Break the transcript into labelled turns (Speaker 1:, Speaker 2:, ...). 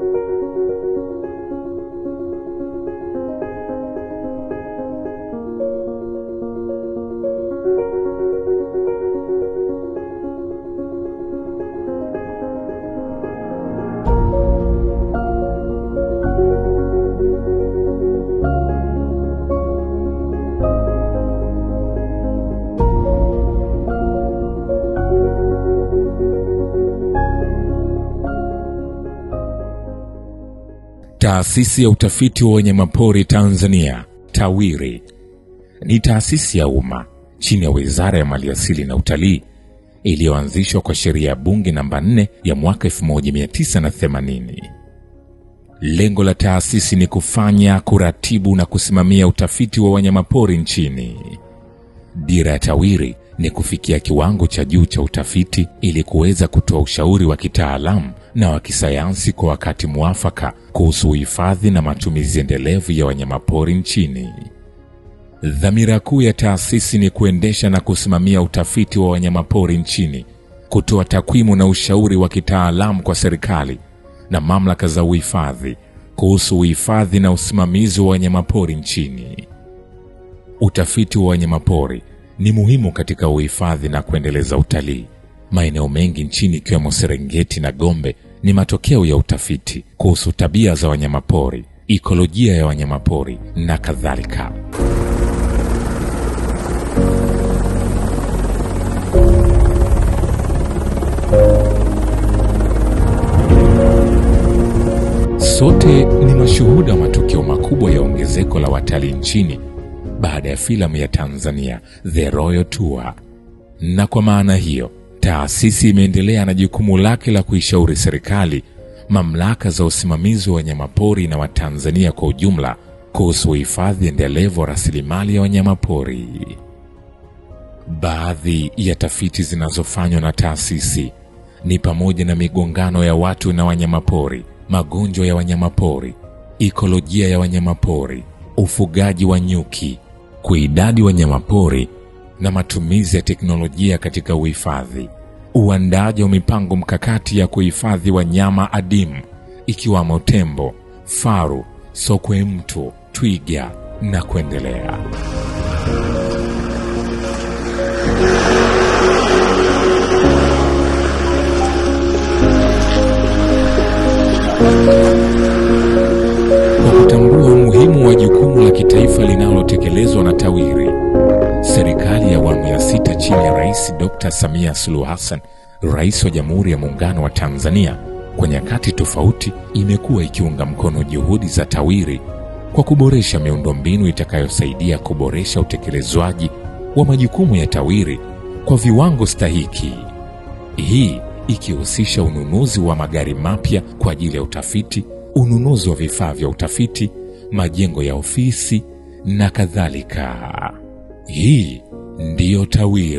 Speaker 1: Música Taasisi ya Utafiti wa Wanyamapori Tanzania TAWIRI ni taasisi ya umma chini ya Wizara ya Maliasili na Utalii iliyoanzishwa kwa sheria ya Bunge namba 4 ya mwaka 1980. Lengo la taasisi ni kufanya, kuratibu na kusimamia utafiti wa wanyamapori nchini. Dira ya TAWIRI ni kufikia kiwango cha juu cha utafiti ili kuweza kutoa ushauri wa kitaalamu na wa kisayansi kwa wakati mwafaka kuhusu uhifadhi na matumizi endelevu ya wanyamapori nchini. Dhamira kuu ya taasisi ni kuendesha na kusimamia utafiti wa wanyamapori nchini, kutoa takwimu na ushauri wa kitaalamu kwa serikali na mamlaka za uhifadhi kuhusu uhifadhi na usimamizi wa wanyamapori nchini. Utafiti wa wanyamapori ni muhimu katika uhifadhi na kuendeleza utalii. Maeneo mengi nchini ikiwemo Serengeti na Gombe ni matokeo ya utafiti kuhusu tabia za wanyamapori, ikolojia ya wanyamapori na kadhalika. Sote ni mashuhuda wa matukio makubwa ya ongezeko la watalii nchini baada ya filamu ya Tanzania The Royal Tour, na kwa maana hiyo taasisi imeendelea na jukumu lake la kuishauri serikali, mamlaka za usimamizi wa wanyamapori na Watanzania kwa ujumla kuhusu uhifadhi endelevu wa rasilimali ya wanyamapori. Baadhi ya tafiti zinazofanywa na taasisi ni pamoja na migongano ya watu na wanyamapori, magonjwa ya wanyamapori, ikolojia ya wanyamapori, ufugaji wa nyuki, kwa idadi wanyamapori na matumizi ya teknolojia katika uhifadhi, uandaji wa mipango mkakati ya kuhifadhi wanyama adimu ikiwamo tembo, faru, sokwe mtu, twiga na kuendelea. kitaifa linalotekelezwa na TAWIRI. Serikali ya awamu ya sita chini ya Rais Dr. Samia Suluhu Hassan, Rais wa Jamhuri ya Muungano wa Tanzania, kwa nyakati tofauti imekuwa ikiunga mkono juhudi za TAWIRI kwa kuboresha miundombinu itakayosaidia kuboresha utekelezwaji wa majukumu ya TAWIRI kwa viwango stahiki. Hii ikihusisha ununuzi wa magari mapya kwa ajili ya utafiti, ununuzi wa vifaa vya utafiti majengo ya ofisi na kadhalika. Hii ndiyo TAWIRI.